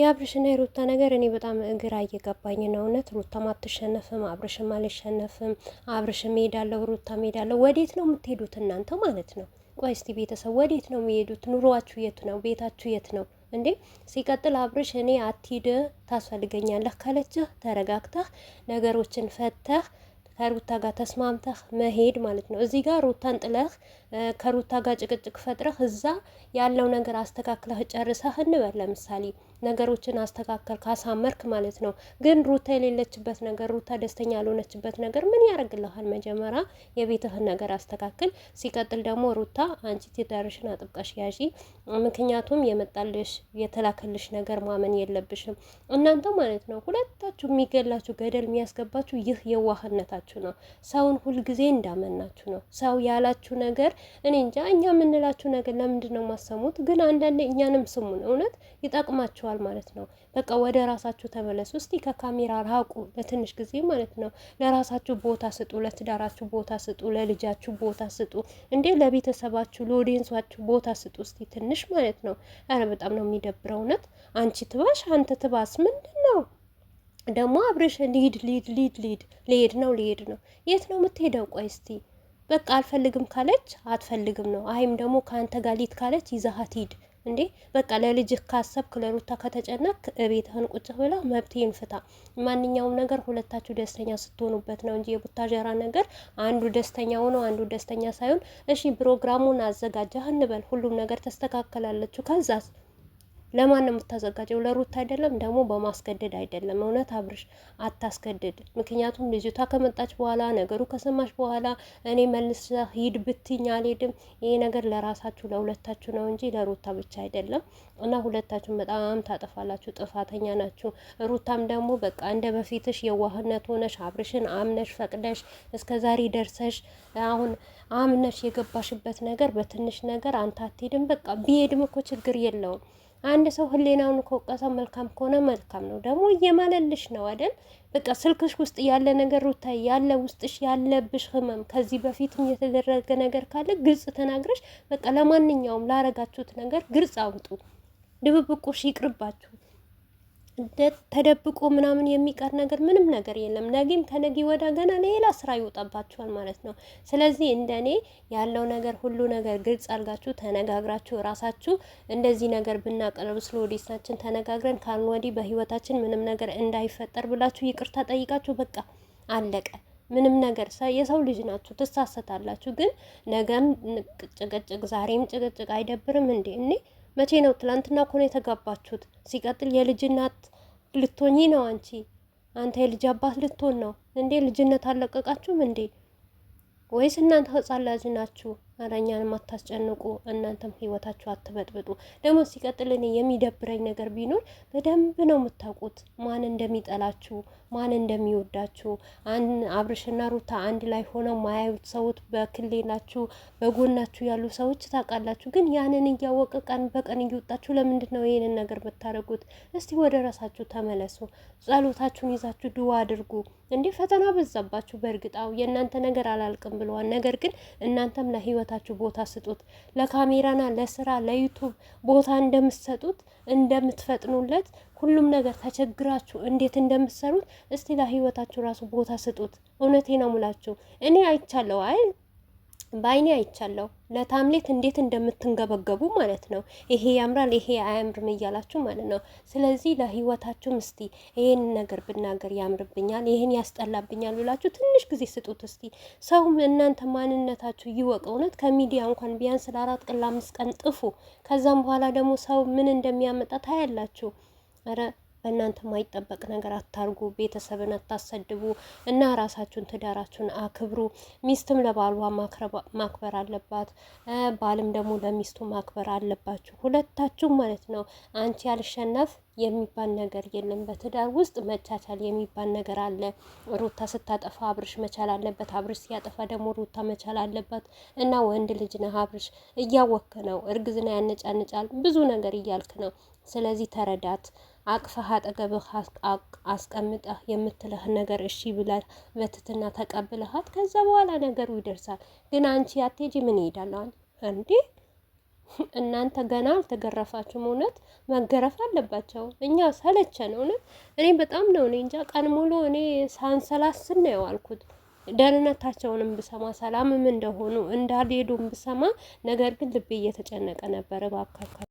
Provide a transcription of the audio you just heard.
የአብርሽና የሩታ ነገር እኔ በጣም እግራ እየገባኝ ነው። እውነት ሩታም አትሸነፍም፣ አብርሽም አልሸነፍም። አብርሽም ሄዳለሁ፣ ሩታ ሄዳለሁ። ወዴት ነው የምትሄዱት እናንተ ማለት ነው? ቆይ እስቲ ቤተሰብ ወዴት ነው የሚሄዱት? ኑሯችሁ የት ነው? ቤታችሁ የት ነው እንዴ? ሲቀጥል አብርሽ እኔ አትሂድ ታስፈልገኛለህ ካለችህ ተረጋግተህ ነገሮችን ፈተህ ከሩታ ጋር ተስማምተህ መሄድ ማለት ነው። እዚህ ጋር ሩታን ጥለህ ከሩታ ጋር ጭቅጭቅ ፈጥረህ እዛ ያለው ነገር አስተካክለህ ጨርሰህ እንበል ለምሳሌ ነገሮችን አስተካከል ካሳመርክ ማለት ነው። ግን ሩታ የሌለችበት ነገር፣ ሩታ ደስተኛ ያልሆነችበት ነገር ምን ያደርግልሃል? መጀመሪያ የቤትህን ነገር አስተካክል። ሲቀጥል ደግሞ ሩታ አንቺ ትዳርሽን አጥብቀሽ ያዢ። ምክንያቱም የመጣልሽ የተላከልሽ ነገር ማመን የለብሽም እናንተ ማለት ነው። ሁለታችሁ የሚገላችሁ ገደል የሚያስገባችሁ ይህ የዋህነታችሁ ነው። ሰውን ሁልጊዜ እንዳመናችሁ ነው። ሰው ያላችሁ ነገር እኔ እንጃ እኛ የምንላችሁ ነገር ለምንድን ነው የማሰሙት? ግን አንዳንዴ እኛንም ስሙን። እውነት ይጠቅማችኋል። ይመስላችኋል ማለት ነው። በቃ ወደ ራሳችሁ ተመለሱ። እስቲ ከካሜራ ራቁ ለትንሽ ጊዜ ማለት ነው። ለራሳችሁ ቦታ ስጡ፣ ለትዳራችሁ ቦታ ስጡ፣ ለልጃችሁ ቦታ ስጡ፣ እንዴ ለቤተሰባችሁ፣ ለኦዲየንሳችሁ ቦታ ስጡ እስቲ ትንሽ ማለት ነው። ኧረ በጣም ነው የሚደብረው እውነት። አንቺ ትባሽ፣ አንተ ትባስ፣ ምንድን ነው ደግሞ አብረሽ ሊድ ሊድ ሊድ ሊድ ሊሄድ ነው ሊሄድ ነው። የት ነው የምትሄደው? ቆይ እስቲ በቃ አልፈልግም ካለች አትፈልግም ነው። አይም ደግሞ ከአንተ ጋር ሊት ካለች ይዛሀት ሂድ። እንዴ በቃ ለልጅ ካሰብክ ለሩታ ከተጨነቅ ቤትህን ቁጭ ብላ መብትህን ፍታ። ማንኛውም ነገር ሁለታችሁ ደስተኛ ስትሆኑበት ነው እንጂ የቡታጀራ ነገር አንዱ ደስተኛ ሆኖ አንዱ ደስተኛ ሳይሆን፣ እሺ ፕሮግራሙን አዘጋጀህ እንበል ሁሉም ነገር ተስተካከላለችሁ ከዛስ ለማን ነው የምታዘጋጀው? ለሩት አይደለም። ደግሞ በማስገደድ አይደለም። እውነት አብርሽ አታስገድድ። ምክንያቱም ልጅቷ ከመጣች በኋላ ነገሩ ከሰማች በኋላ እኔ መልስ ሂድ ብትኝ አልሄድም። ይሄ ነገር ለራሳችሁ ለሁለታችሁ ነው እንጂ ለሩታ ብቻ አይደለም። እና ሁለታችሁም በጣም ታጠፋላችሁ፣ ጥፋተኛ ናችሁ። ሩታም ደግሞ በቃ እንደ በፊትሽ የዋህነት ሆነሽ አብርሽን አምነሽ ፈቅደሽ እስከ ዛሬ ደርሰሽ አሁን አምነሽ የገባሽበት ነገር በትንሽ ነገር አንተ አትሄድም። በቃ ቢሄድም እኮ ችግር የለውም አንድ ሰው ህሊናውን ከወቀሰ መልካም ከሆነ መልካም ነው። ደግሞ እየማለልሽ ነው አይደል? በቃ ስልክሽ ውስጥ ያለ ነገር ሩታ ያለ ውስጥሽ ያለብሽ ህመም፣ ከዚህ በፊት የተደረገ ነገር ካለ ግልጽ ተናግረሽ በቃ ለማንኛውም ላረጋችሁት ነገር ግልጽ አውጡ። ድብብቆሽ ይቅርባችሁ። ተደብቆ ምናምን የሚቀር ነገር ምንም ነገር የለም። ነገም ከነገ ወዳ ገና ሌላ ስራ ይወጣባችኋል ማለት ነው። ስለዚህ እንደኔ ያለው ነገር ሁሉ ነገር ግልጽ አድርጋችሁ ተነጋግራችሁ ራሳችሁ እንደዚህ ነገር ብናቀርብ ስለ ወዲሳችን ተነጋግረን ካልን ወዲህ በህይወታችን ምንም ነገር እንዳይፈጠር ብላችሁ ይቅርታ ጠይቃችሁ በቃ አለቀ። ምንም ነገር የሰው ልጅ ናችሁ፣ ትሳሰታላችሁ። ግን ነገም ጭቅጭቅ፣ ዛሬም ጭቅጭቅ አይደብርም እንዴ? እኔ መቼ ነው? ትላንትና እኮ ነው የተጋባችሁት። ሲቀጥል የልጅ እናት ልትሆኚ ነው አንቺ። አንተ የልጅ አባት ልትሆን ነው እንዴ? ልጅነት አለቀቃችሁም እንዴ? ወይስ እናንተ ህጻን ላጅ ናችሁ? አረኛን እኛንም አታስጨንቁ፣ እናንተም ህይወታችሁ አትበጥብጡ። ደግሞ ሲቀጥል እኔ የሚደብረኝ ነገር ቢኖር በደንብ ነው የምታውቁት ማን እንደሚጠላችሁ ማን እንደሚወዳችሁ። አብርሽና ሩታ አንድ ላይ ሆነው ማያዩት ሰዎች በክሌላችሁ በጎናችሁ ያሉ ሰዎች ታውቃላችሁ። ግን ያንን እያወቀ ቀን በቀን እየወጣችሁ ለምንድን ነው ይህንን ነገር የምታደርጉት? እስቲ ወደ ራሳችሁ ተመለሱ። ጸሎታችሁን ይዛችሁ ድዋ አድርጉ። እንዲህ ፈተና በዛባችሁ። በእርግጣው የእናንተ ነገር አላልቅም ብለዋል። ነገር ግን እናንተም ለህይወት ለህይወታችሁ ቦታ ስጡት። ለካሜራና ለስራ ለዩቱብ ቦታ እንደምትሰጡት እንደምትፈጥኑለት ሁሉም ነገር ተቸግራችሁ እንዴት እንደምትሰሩት እስቲ ለህይወታችሁ ራሱ ቦታ ስጡት። እውነቴ ነው ሙላችሁ እኔ አይቻለሁ አይ በአይኔ አይቻለሁ። ለታምሌት እንዴት እንደምትንገበገቡ ማለት ነው። ይሄ ያምራል፣ ይሄ አያምርም እያላችሁ ማለት ነው። ስለዚህ ለህይወታችሁም እስቲ ይሄን ነገር ብናገር ያምርብኛል፣ ይሄን ያስጠላብኛል ብላችሁ ትንሽ ጊዜ ስጡት። እስቲ ሰውም እናንተ ማንነታችሁ ይወቅ። እውነት ከሚዲያ እንኳን ቢያንስ ለአራት ቀን ለአምስት ቀን ጥፉ። ከዛም በኋላ ደግሞ ሰው ምን እንደሚያመጣ ታያላችሁ። ኧረ በእናንተ ማይጠበቅ ነገር አታርጉ፣ ቤተሰብን አታሰድቡ እና ራሳችሁን ትዳራችሁን አክብሩ። ሚስትም ለባሏ ማክበር አለባት፣ ባልም ደግሞ ለሚስቱ ማክበር አለባችሁ። ሁለታችሁ ማለት ነው። አንቺ ያልሸነፍ የሚባል ነገር የለም። በትዳር ውስጥ መቻቻል የሚባል ነገር አለ። ሩታ ስታጠፋ አብርሽ መቻል አለበት፣ አብርሽ ሲያጠፋ ደግሞ ሩታ መቻል አለባት እና ወንድ ልጅ ነህ አብርሽ፣ እያወክ ነው፣ እርግዝና ያነጫንጫል፣ ብዙ ነገር እያልክ ነው። ስለዚህ ተረዳት። አቅፈህ አጠገብህ አስቀምጠህ የምትልህ ነገር እሺ ብለህ በትትና ተቀብለሃት፣ ከዛ በኋላ ነገሩ ይደርሳል። ግን አንቺ አትሄጂ ምን ይሄዳለዋል እንዴ? እናንተ ገና አልተገረፋችሁም። እውነት መገረፍ አለባቸው። እኛ ሰለቸን። እውነት እኔ በጣም ነው። እኔ እንጃ ቀን ሙሉ እኔ ሳንሰላስል ነው የዋልኩት። ደህንነታቸውንም ብሰማ ሰላምም እንደሆኑ እንዳልሄዱም ብሰማ፣ ነገር ግን ልቤ እየተጨነቀ ነበረ እባካችሁ